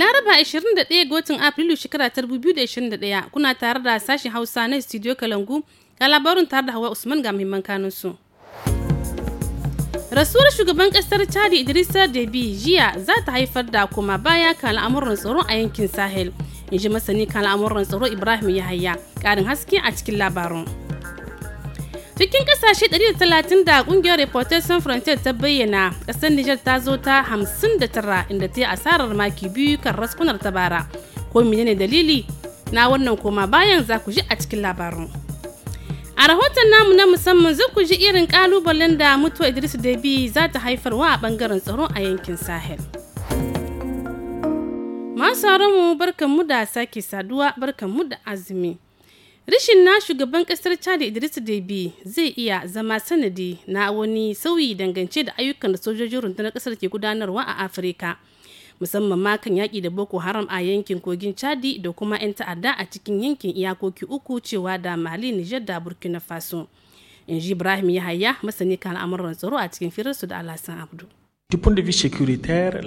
Laraba 21 ga watan Afrilu shekara 2021 kuna tare da sashen Hausa na Studio Kalangu ga labarin tare da Hawa Usman ga muhimman kanunsu. Rasuwar shugaban kasar Chadi Idrissa Deby jiya za ta haifar da koma baya kan al'amuran tsaro a yankin Sahel. In ji masani kan al'amuran tsaro Ibrahim Yahaya. Ƙarin haske a cikin labarin. cikin kasashe 130 da kungiyar reporters sans frontier ta bayyana kasar niger ta zo ta 59 inda ta yi asarar maki biyu kan raskunar ta bara ko menene dalili na wannan koma bayan za ku ji a cikin labarin a rahoton namu na musamman zai ku ji irin kalubalen da mutuwa idris debi za ta haifarwa a bangaren tsaro a yankin sahel masu mu barkan mu da sake saduwa barkan mu da azumi rashin na shugaban kasar chad idris debi zai iya zama sanadi na wani sauyi dangance da ayyukan da sojojin rundunar kasar ke gudanarwa a afirka musamman ma kan yaƙi da boko haram a yankin kogin chadi da kuma 'yan ta'adda a cikin yankin iyakoki uku cewa da mali nijar da burkina faso in ji ibrahim yahaya masani kan al'amuran tsaro a cikin firarsu da alhassan abdu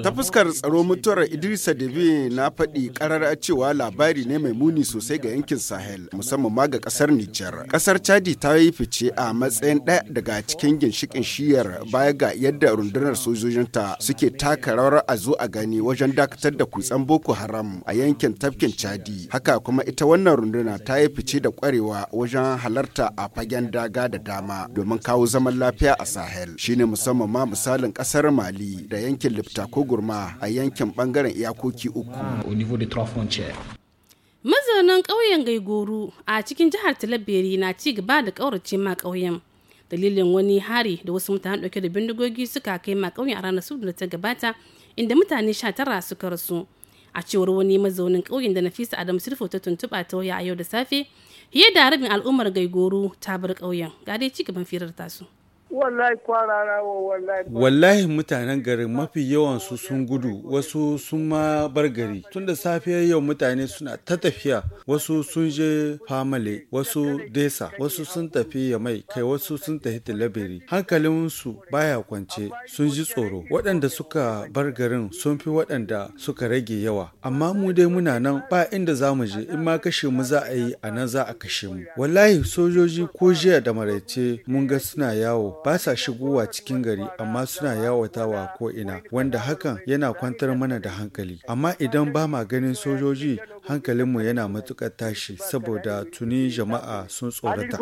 Ta fuskar tsaro mutuwar Idrisa Debe na faɗi ƙarar cewa labari ne mai muni sosai ga yankin Sahel musamman ma ga ƙasar Nijar. Ƙasar Chadi ta yi fice a matsayin ɗaya daga cikin ginshikin shiyar baya ga yadda rundunar sojojinta suke taka rawar a zo a gani wajen dakatar da kutsan Boko Haram a yankin tafkin Chadi. Haka kuma ita wannan runduna ta yi fice da ƙwarewa wajen halarta a fagen daga da dama domin kawo zaman lafiya a Sahel. Shine musamman ma misalin ƙasar Mali mali da yankin lipta ko gurma a yankin bangaren iyakoki uku ah, mazaunan ƙauyen gaigoro a cikin jihar talabiri na ci gaba da ƙaurace ma ƙauyen dalilin wani hari da wasu mutane ɗauke da bindigogi suka kai ma ƙauyen a ranar su da ta gabata inda mutane sha tara suka rasu a cewar wani mazaunin ƙauyen da nafisa adam sirfo ta tuntuɓa ta waya a yau da safe fiye da rabin al'ummar gaigoro ta bar ƙauyen ga dai ci gaban firar tasu. wallahi mutanen garin mafi yawan su sun gudu wasu sun ma bar gari tunda da safiyar yau mutane suna ta tafiya wasu sun je famale wasu desa wasu sun tafi ya mai kai wasu sun tafi tilabiri hankalin su baya kwance sun ji tsoro waɗanda suka bar garin sun fi waɗanda suka rage yawa amma mu dai muna nan ba inda za mu je in ma kashe mu za a yi a nan za a kashe mu wallahi sojoji ko jiya da maraice mun ga suna yawo ba sa shigowa cikin gari amma suna yawatawa ko ina wanda hakan yana kwantar mana da hankali amma idan ba ma ganin sojoji hankalinmu yana matuƙar tashi saboda tuni jama'a sun tsorata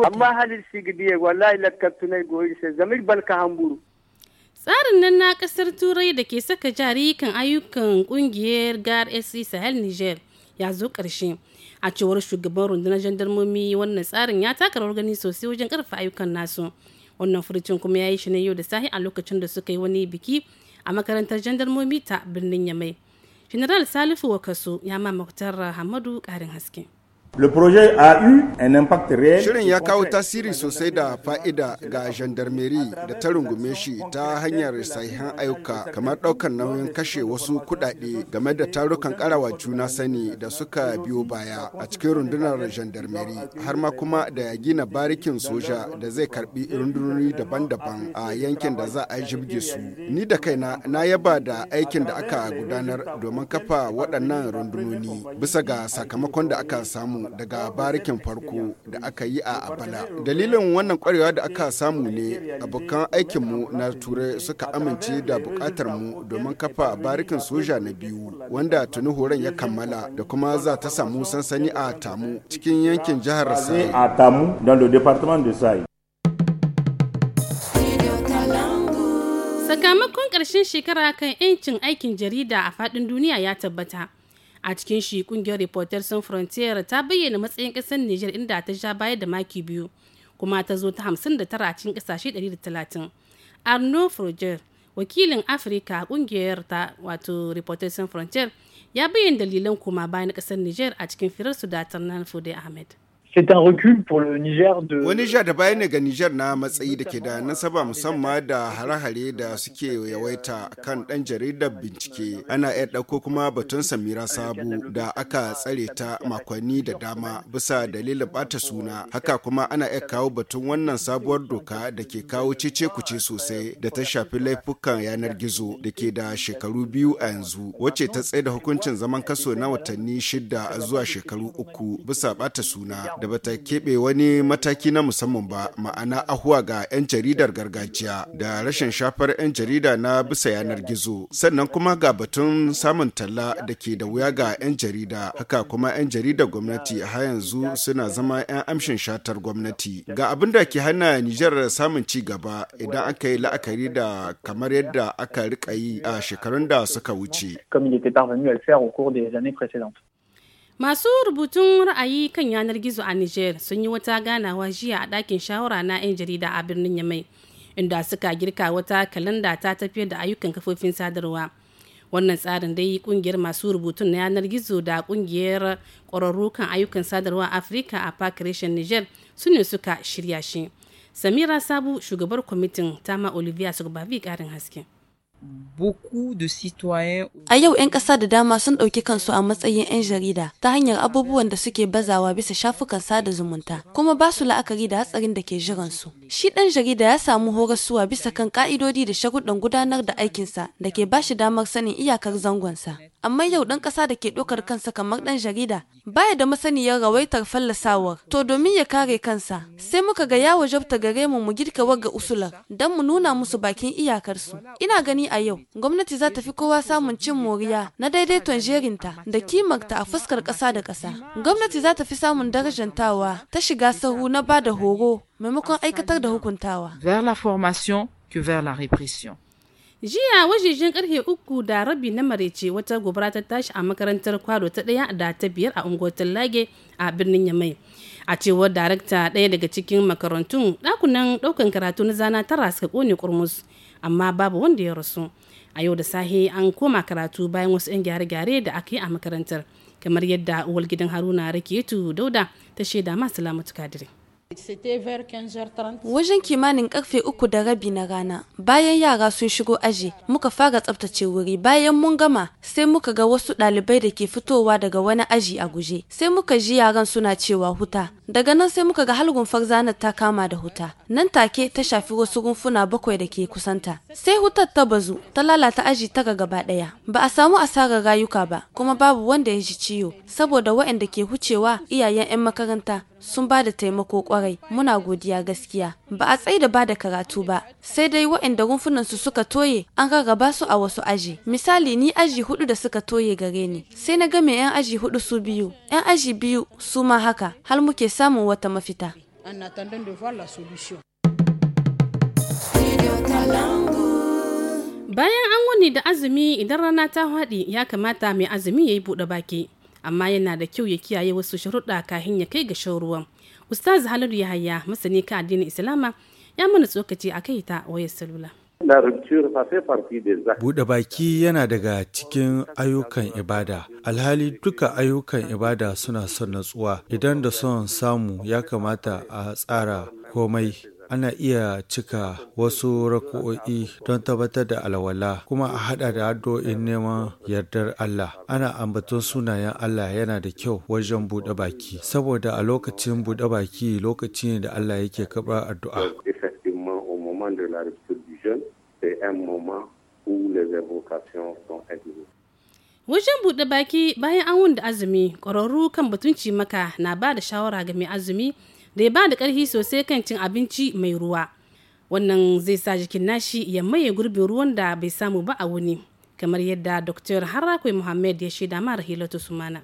tsarin nan na kasar turai da ke saka jari ayyukan kungiyar gar sc e sahel niger ya zo ƙarshe a cewar shugaban rundunar jandarmomi wannan tsarin ya taka rawar gani sosai wajen karfa ayyukan nasu wannan furucin kuma ya yi shi ne yau da sahi a lokacin da suka yi wani biki a makarantar jandarmomi ta birnin yamai general salifu wakaso ya ma muktar hamadu karin haske Shirin ya kawo tasiri sosai da fa'ida ga gendarmerie da ta rungume shi ta hanyar sahihan ayyuka kamar ɗaukar nauyin kashe wasu kuɗaɗe game da tarukan ƙarawa juna sani da suka biyo baya a cikin rundunar gendarmerie har ma kuma da gina barikin soja da zai karɓi rundunoni daban-daban a yankin da za a yi jibge su. Ni da kaina na yaba da aikin da aka gudanar domin kafa waɗannan rundunoni bisa ga sakamakon da aka samu daga barikin farko da aka yi a abala dalilin wannan kwarewa da aka samu ne abokan aikinmu na turai suka amince da bukatar mu domin kafa barikin soja na biyu wanda tuni horon ya kammala da kuma za ta samu sansani a tamu cikin yankin jihar sai sakamakon ƙarshen shekara kan 'yancin aikin jarida a faɗin duniya ya tabbata a cikin shi kungiyar reporters sans frontier ta bayyana matsayin kasar niger inda ta sha baya da maki biyu kuma ta zo ta 59 a cikin kasashe 130 arno froger wakilin afirka kungiyar ta wato reporters sans frontier ya bayyana dalilan kuma bayan kasar niger a cikin firar su da tarnan fude ahmed c'est un recul pour le Niger de Wani ja da baya ne ga Niger na matsayi da ke da nasaba musamman da hare-hare da suke yawaita kan dan jaridar bincike ana iya ɗauko kuma batun Samira Sabu da aka tsare ta makonni da dama bisa dalilin bata suna haka kuma ana iya kawo batun wannan sabuwar doka da ke kawo cece kuce sosai da ta shafi laifukan yanar gizo da ke da shekaru biyu a yanzu wacce ta tsaye da hukuncin zaman kaso na watanni shida zuwa shekaru uku bisa bata suna da bata keɓe wani mataki na musamman ba ma'ana ahuwa ga 'yan jaridar gargajiya da rashin shafar 'yan jarida na bisa yanar gizo sannan kuma ga batun samun talla da ke da wuya ga 'yan jarida haka kuma 'yan jaridar gwamnati har yanzu suna zama 'yan amshin shatar gwamnati ga abin da ke hana nijar samun ci gaba idan aka yi la'akari da kamar yadda aka rika yi a shekarun da suka wuce. Masu rubutun ra'ayi kan yanar gizo a nijar sun yi wata ganawa jiya a ɗakin shawara na 'yan jarida a birnin Yamai, inda suka girka wata kalanda ta tafiyar da ayyukan kafofin sadarwa. Wannan tsarin dai ƙungiyar masu rubutun na yanar gizo da ƙungiyar ƙwararru kan ayyukan sadarwa Afirka a Park Reshen Niger su ne suka shirya shi. Samira Sabu, shugabar kwamitin Tama Olivia Sugbavi ƙarin haske. A yau 'yan ƙasa da dama sun ɗauki kansu a matsayin 'yan jarida ta hanyar abubuwan da suke bazawa bisa shafukan sada zumunta, kuma ba su la'akari da hatsarin da ke jiransu. Shi ɗan jarida ya samu horaswa bisa kan ƙa'idodi da sharuɗan gudanar da aikinsa da ke ba shi damar sanin iyakar zangonsa. Amma yau ɗan ƙasa da ke ɗaukar kansa kamar ɗan jarida baya da masaniyar rawaitar fallasawar. To domin ya kare kansa, sai muka ga yawo jabta gare mu mu girka wagga usular don mu nuna musu bakin iyakarsu. Ina gani a yau, gwamnati za ta fi kowa samun cin moriya na daidaiton jerinta da kimarta a fuskar ƙasa da kasa, Gwamnati za ta fi samun darajantawa ta shiga sahu na ba da horo maimakon aikatar da hukuntawa. Vers la formation que vers la répression. jiya wajejen karfe uku da rabi na marece wata gobara ta tashi a makarantar kwado ta daya da ta biyar a unguwar lage a birnin yamai a cewar darakta daya daga cikin makarantun dakunan daukan karatu na zana tara suka kone kurmus amma babu wanda ya rasu a yau da sahe an koma karatu bayan wasu 'yan gyare-gyare da aka yi a makarantar kamar yadda uwar gidan haruna rakiyetu dauda ta shaida masu lamatu dire. Wajen kimanin karfe uku da rabi na rana, bayan yara sun shigo aji, muka fara tsabtace wuri bayan mun gama sai muka ga wasu ɗalibai da ke fitowa daga wani aji a guje. Sai muka ji yaran suna cewa huta, daga nan sai muka ga halgun farzanar ta kama da huta. Nan take ta shafi wasu rumfuna bakwai da ke kusanta. Sai hutar ta bazu, ta lalata aji tara gaba ɗaya. Ba a samu asarar rayuka ba, kuma babu wanda ya ji ciwo, saboda waɗanda ke hucewa iyayen 'yan makaranta sun ba da taimako kwarai muna godiya gaskiya ba a tsaida ba da karatu ba sai dai waɗanda rumfunansu suka toye an rarraba su a wasu aji misali ni aji hudu da suka toye gare ni sai na game 'yan aji hudu su biyu 'yan aji biyu su ma haka har muke samun wata mafita Bayan an wani da azumi idan rana ta haɗi ya kamata mai azumi ya yi buɗe baki. amma yana da kyau ya kiyaye wasu sharuɗa kafin ya kai ga shan ruwan ustaz haladu yahaya masani kan addinin islama ya mana tsokaci a kai ta wayar salula Buɗe baki yana daga cikin ayyukan ibada. Alhali duka ayyukan ibada suna son natsuwa. Idan da son samu ya kamata a tsara komai ana iya cika wasu rako'o'i don tabbatar da alwala kuma a hada da addu'o'in neman yardar Allah. Ana ambaton sunayen Allah yana da kyau wajen buɗe baki saboda a lokacin buɗe baki lokaci ne da Allah yake karɓar addu'a. Wajen buɗe baki bayan an wunda azumi, ƙwararru kan batun maka na ba da shawara ga mai azumi da ya ba da ƙarfi sosai kan cin abinci mai ruwa wannan zai sa jikin nashi ya maye gurbin ruwan da bai samu ba a wuni kamar yadda dr harakwai muhammad ya shaida mara hilatu sumana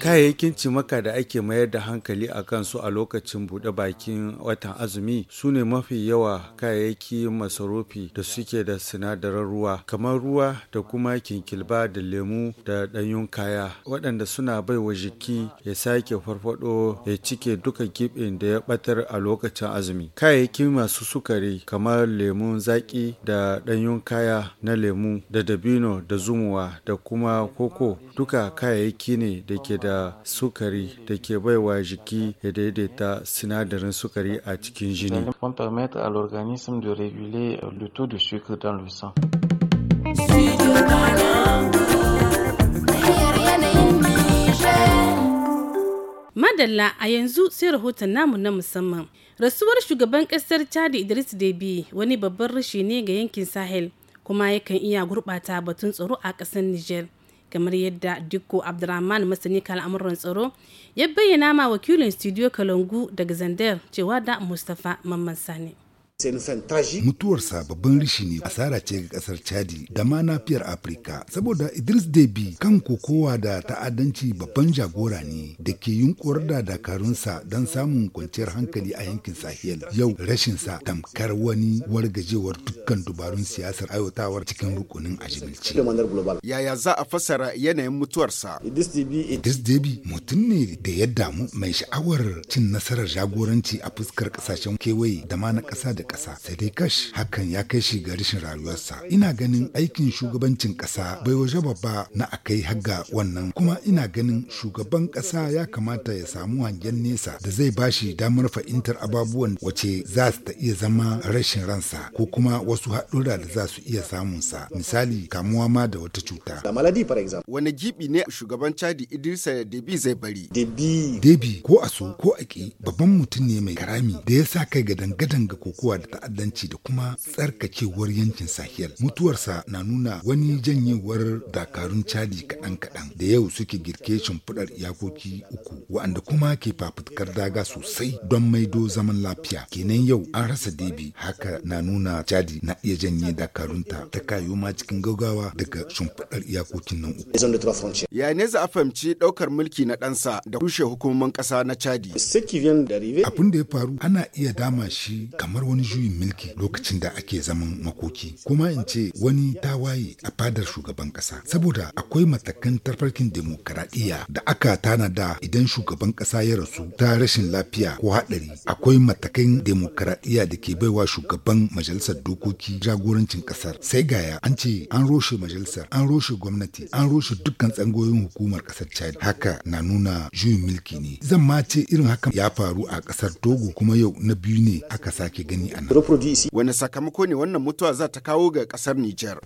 Kayayyakin cimaka da ake mayar da hankali a kansu a lokacin buɗe bakin watan azumi su ne mafi yawa kayayyaki masarufi da suke da sinadaran ruwa, kamar ruwa da kuma kinkilba da lemu da ɗanyun kaya, waɗanda suna bai wa jiki ya sake farfado ya cike duka gibin da ya ɓatar a lokacin azumi. Kayayyaki masu sukari kamar lemun zaƙi da ɗanyun kaya na lemu da dabino da zumuwa da kuma koko duka kayayyaki ne da ke da sukari da ke baiwa jiki ya daidaita sinadarin sukari a cikin jini. Madalla a yanzu sai rahoton namu na musamman. Rasuwar shugaban kasar Chadi Idris Deby wani babban rashi ne ga yankin Sahel kuma yakan iya gurɓata batun tsaro a ƙasar Nijar. kamar yadda dikko abdurrahman masani kan al'amuran tsaro ya bayyana ma wakilin studio kalangu daga zandar cewa da mustapha mamman sani Mutuwarsa babban rishi ne asara ce ga kasar Chadi da ma nafiyar Afirka saboda Idris debi kan kokowa da ta'addanci babban jagora ne da ke yunkuwar da dakarunsa don samun kwanciyar hankali a yankin Sahel. Yau rashin sa tamkar wani wargajewar dukkan dubarun siyasar aiwatawar cikin rukunin ajimilci. Yaya za a fassara yanayin mutuwarsa? Idris debi mutum ne da ya damu mai sha'awar cin nasarar jagoranci a fuskar kasashen kewaye da ma na kasa da ƙasa sai dai kash hakan ya kai shi ga rashin rayuwarsa ina ganin aikin shugabancin ƙasa bai waje babba na akai haga wannan kuma ina ganin shugaban ƙasa ya kamata ya samu hangen nesa da zai bashi damar fahimtar ababuwan wace za su ta iya zama rashin ransa ko kuma wasu haɗura da za su iya samunsa misali kamuwa ma da wata cuta wani gibi ne shugaban chadi idrisa debi zai bari debi ko a su ko a babban mutum ne mai karami da ya sa kai ga dangadan ga kokowa da ta'addanci da kuma tsarkakewar yankin Sahel. Mutuwarsa na nuna wani janyewar dakarun cadi kaɗan-kaɗan da yau suke girke shimfiɗar iyakoki uku wa'anda kuma ke fafutukar daga sosai don maido zaman lafiya. Kenan yau an rasa debi haka na nuna cadi na iya janye dakarunta ta kayo ma cikin gaugawa daga shimfiɗar iyakokin nan uku. Ya ne za a fahimci ɗaukar mulki na ɗansa da rushe hukumomin ƙasa na cadi Abin da ya faru ana iya dama shi kamar wani juyin mulki lokacin da ake zaman makoki kuma in ce wani tawaye a fadar shugaban kasa saboda akwai matakan tafarkin demokaradiyya da aka da idan shugaban kasa ya rasu ta rashin lafiya ko haɗari akwai matakan demokaradiyya da ke baiwa shugaban majalisar dokoki jagorancin kasar sai gaya an ce an roshe majalisar an roshe gwamnati an roshe dukkan tsangoyin hukumar kasar chad haka na nuna juyin mulki ne zan ma ce irin haka ya faru a kasar togo kuma yau na biyu ne aka sake gani Wani sakamako ne wannan mutuwa za ta kawo ga kasar Nijar?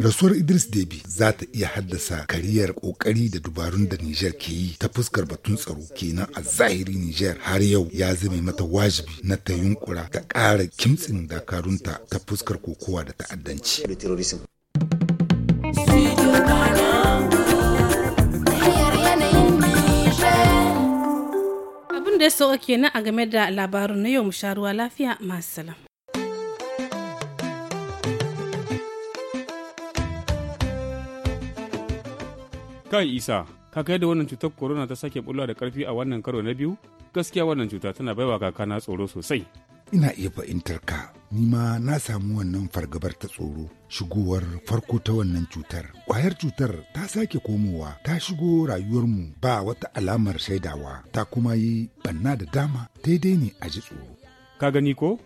Rasuwar Idris Debi za ta iya haddasa kariyar kokari da dubarun da Nijar ke yi ta fuskar batun tsaro kenan a zahiri Nijar har yau ya zame mata wajibi na ta yunkura ta kara kimtsin dakarunta ta fuskar kokowa da ta'addanci. sauka kenan a game da labarin na yau mu sha ruwa lafiya masu salam. Kai Isa, ka kai da wannan cutar corona ta sake bulwa da karfi a wannan karo na biyu? Gaskiya wannan cuta tana baiwa kaka na tsoro sosai. Ina iya fahimtar ka, ni ma na samu wannan fargabar ta tsoro shigowar farko ta wannan cutar. Kwayar cutar ta sake komowa ta shigo rayuwarmu ba wata alamar shaidawa ta kuma yi banna da dama daidai ne a ji tsoro. Ka gani ko?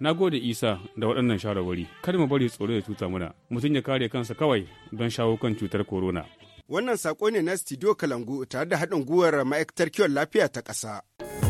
Na gode Isa da waɗannan shawarwari. kar mu bari tsoro ya cuta muna. Mutum ya kare kansa kawai don shawo kan cutar corona. Wannan sako ne na Studio Kalangu tare da haɗin gwiwar ma'aikatar kiwon lafiya ta ƙasa.